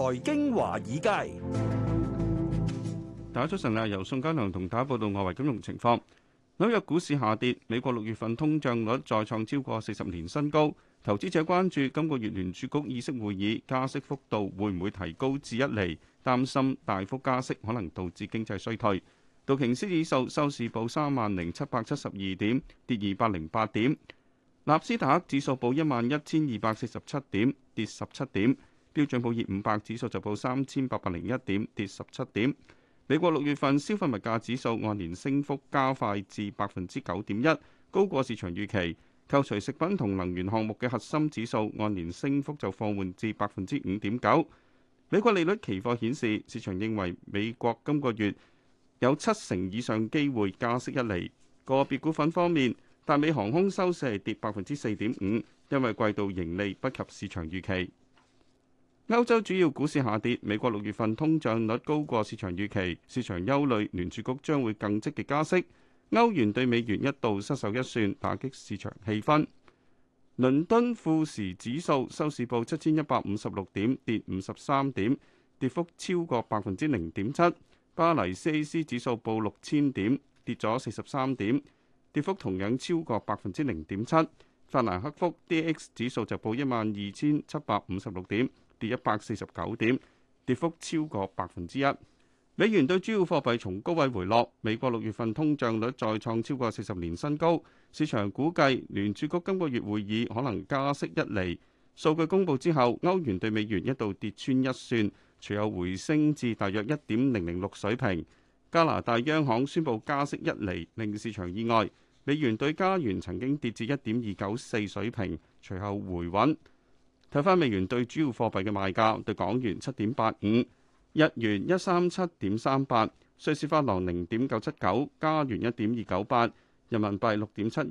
財經華爾街。大家早晨，由宋家良同大家報道外圍金融情況。紐約股市下跌，美國六月份通脹率再創超過四十年新高。投資者關注今個月聯儲局議息會議加息幅度會唔會提高至一釐，擔心大幅加息可能導致經濟衰退。道瓊斯指數收市報三萬零七百七十二點，跌二百零八點。納斯達克指數報一萬一千二百四十七點，跌十七點。標準普爾五百指數就報三千八百零一點，跌十七點。美國六月份消費物價指數按年升幅加快至百分之九點一，高過市場預期。扣除食品同能源項目嘅核心指數按年升幅就放緩至百分之五點九。美國利率期貨顯示，市場認為美國今個月有七成以上機會加息一釐。個別股份方面，達美航空收市係跌百分之四點五，因為季度盈利不及市場預期。歐洲主要股市下跌。美國六月份通脹率高過市場預期。市場憂慮聯儲局將會更積極加息，歐元對美元一度失守一算，打擊市場氣氛。倫敦富時指數收市報七千一百五十六點，跌五十三點，跌幅超過百分之零點七。巴黎 C A C 指數報六千點，跌咗四十三點，跌幅同樣超過百分之零點七。法蘭克福 D X 指數就報一萬二千七百五十六點，跌一百四十九點，跌幅超過百分之一。美元對主要貨幣從高位回落。美國六月份通脹率再創超過四十年新高。市場估計，聯儲局今個月會議可能加息一厘。數據公布之後，歐元對美元一度跌穿一算，隨後回升至大約一點零零六水平。加拿大央行宣布加息一厘，令市場意外。美元對加元曾經跌至一點二九四水平，隨後回穩。睇翻美元對主要貨幣嘅賣價，對港元七點八五，日元一三七點三八，瑞士法郎零點九七九，加元一點二九八，人民幣六點七二，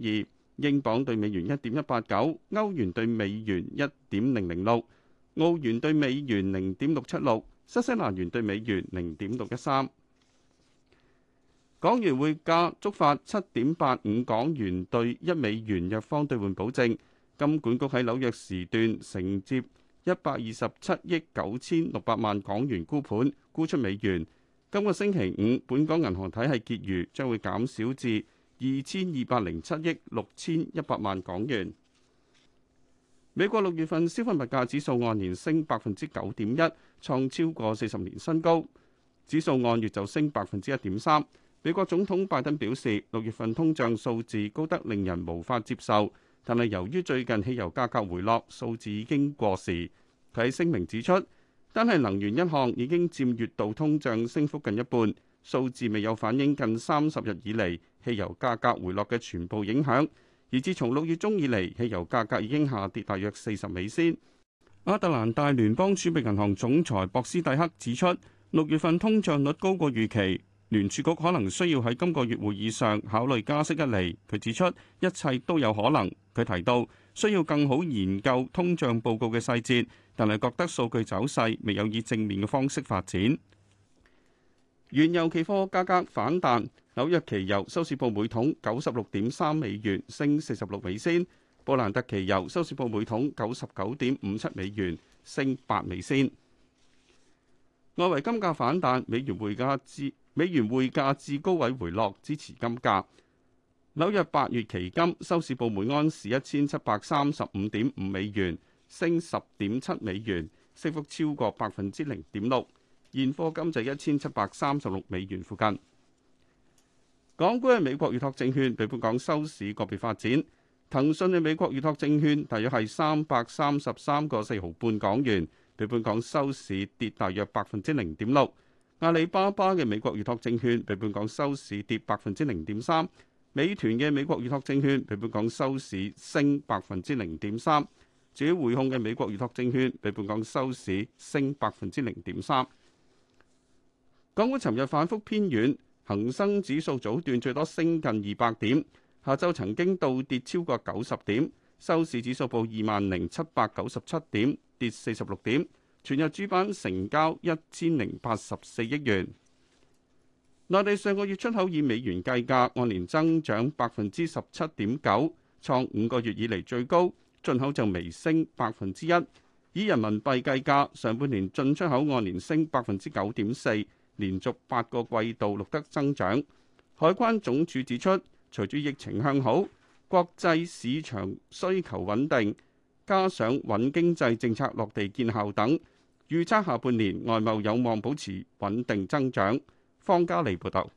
英鎊對美元一點一八九，歐元對美元一點零零六，澳元對美元零點六七六，新西蘭元對美元零點六一三。港元匯價觸發七點八五港元對一美元弱方兌換保證。金管局喺紐約時段承接一百二十七億九千六百萬港元沽盤，沽出美元。今個星期五，本港銀行體系結餘將會減少至二千二百零七億六千一百萬港元。美國六月份消費物價指數按年升百分之九點一，創超過四十年新高。指數按月就升百分之一點三。美國總統拜登表示，六月份通脹數字高得令人無法接受。但係由於最近汽油價格回落，數字已經過時。佢喺聲明指出，單係能源一項已經佔月度通脹升幅近一半，數字未有反映近三十日以嚟汽油價格回落嘅全部影響。而自從六月中以嚟，汽油價格已經下跌大約四十美仙。亞特蘭大聯邦儲備銀行總裁博斯蒂克指出，六月份通脹率高過預期。聯儲局可能需要喺今個月會議上考慮加息一厘，佢指出一切都有可能。佢提到需要更好研究通脹報告嘅細節，但係覺得數據走勢未有以正面嘅方式發展。原油期貨價格反彈，紐約期油收市報每桶九十六點三美元，升四十六美仙；布蘭特期油收市報每桶九十九點五七美元，升八美仙。外圍金價反彈，美元匯價至美元匯價至高位回落，支持金價。紐約八月期金收市報每盎司一千七百三十五點五美元，升十點七美元，升幅超過百分之零點六。現貨金就一千七百三十六美元附近。港股嘅美國預託證券，比本港收市個別發展。騰訊嘅美國預託證券大約係三百三十三個四毫半港元。比本港收市跌大約百分之零點六，阿里巴巴嘅美國預託證券比本港收市跌百分之零點三，美團嘅美國預託證券比本港收市升百分之零點三，至於匯控嘅美國預託證券比本港收市升百分之零點三。港股尋日反覆偏軟，恒生指數早段最多升近二百點，下晝曾經倒跌超過九十點，收市指數報二萬零七百九十七點。跌四十六點，全日主板成交一千零八十四億元。內地上個月出口以美元計價，按年增長百分之十七點九，創五個月以嚟最高；進口就微升百分之一，以人民幣計價，上半年進出口按年升百分之九點四，連續八個季度錄得增長。海關總署指出，隨住疫情向好，國際市場需求穩定。加上穩經濟政策落地見效等，預測下半年外貿有望保持穩定增長。方家利報導。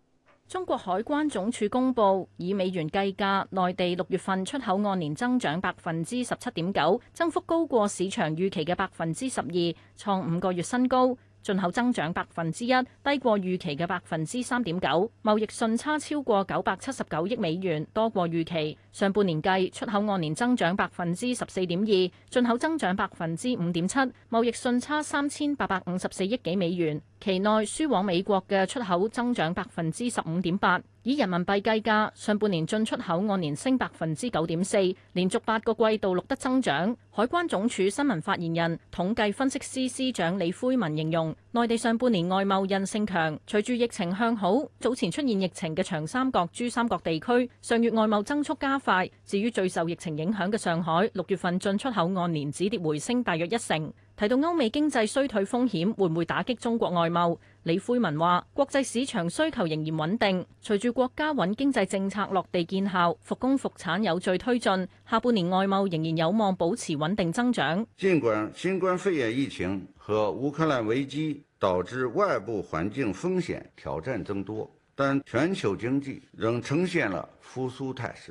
中國海關總署公佈，以美元計價，內地六月份出口按年增長百分之十七點九，增幅高過市場預期嘅百分之十二，創五個月新高。進口增長百分之一，低過預期嘅百分之三點九。貿易順差超過九百七十九億美元，多過預期。上半年計，出口按年增長百分之十四點二，進口增長百分之五點七，貿易順差三千八百五十四億幾美元。期內輸往美國嘅出口增長百分之十五點八，以人民幣計價，上半年進出口按年升百分之九點四，連續八個季度錄得增長。海關總署新聞發言人、統計分析師司長李魁文形容，內地上半年外貿韌性強，隨住疫情向好，早前出現疫情嘅長三角、珠三角地區上月外貿增速加快。至於最受疫情影響嘅上海，六月份進出口按年止跌回升，大約一成。提到歐美經濟衰退風險會唔會打擊中國外貿？李恢文話：國際市場需求仍然穩定，隨住國家穩經濟政策落地見效，復工復產有序推進，下半年外貿仍然有望保持穩定增長。儘管新冠肺炎疫情和烏克蘭危機導致外部環境風險挑戰增多，但全球經濟仍呈現了復甦態勢。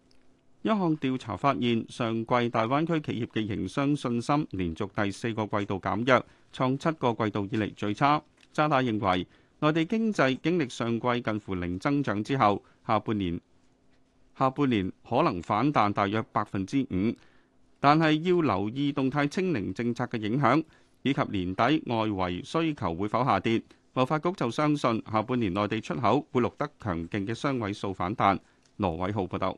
一項調查發現，上季大灣區企業嘅營商信心連續第四個季度減弱，創七個季度以嚟最差。渣打認為，內地經濟經歷上季近乎零增長之後，下半年下半年可能反彈大約百分之五，但係要留意動態清零政策嘅影響，以及年底外圍需求會否下跌。貿發局就相信下半年內地出口會錄得強勁嘅雙位數反彈。羅偉浩報道。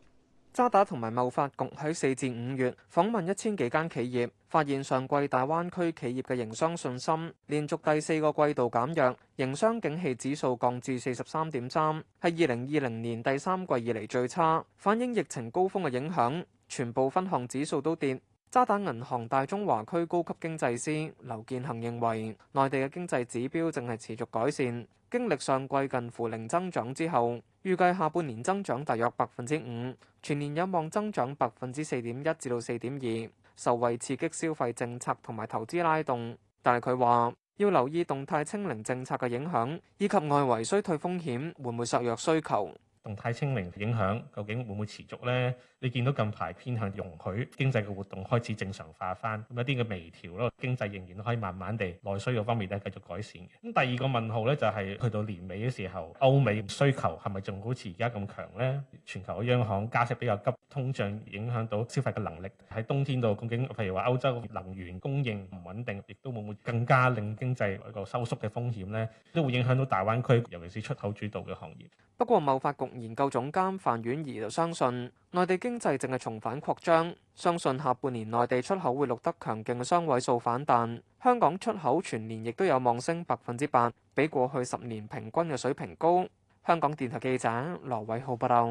渣打同埋貿發局喺四至五月訪問一千幾間企業，發現上季大灣區企業嘅營商信心連續第四個季度減弱，營商景氣指數降至四十三點三，係二零二零年第三季以嚟最差，反映疫情高峰嘅影響，全部分項指數都跌。渣打銀行大中華區高級經濟師劉建恆認為，內地嘅經濟指標正係持續改善，經歷上季近乎零增長之後，預計下半年增長大約百分之五，全年有望增長百分之四點一至到四點二，受惠刺激消費政策同埋投資拉動。但係佢話要留意動態清零政策嘅影響，以及外圍衰退風險會唔會削弱需求。動態清零影響究竟會唔會持續呢？你見到近排偏向容許經濟嘅活動開始正常化翻，咁一啲嘅微調咯，經濟仍然可以慢慢地內需嗰方面咧繼續改善嘅。咁第二個問號咧，就係、是、去到年尾嘅時候，歐美需求係咪仲好似而家咁強呢？全球嘅央行加息比較急，通脹影響到消費嘅能力，喺冬天度究竟譬如話歐洲能源供應唔穩定，亦都會唔會更加令經濟一個收縮嘅風險呢？都會影響到大灣區，尤其是出口主導嘅行業。不過，貿發局研究總監范婉儀就相信，內地經濟正係重返擴張，相信下半年內地出口會錄得強勁嘅雙位數反彈。香港出口全年亦都有望升百分之八，比過去十年平均嘅水平高。香港電台記者羅偉浩報道。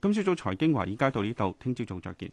今朝早財經華爾街到呢度，聽朝早再見。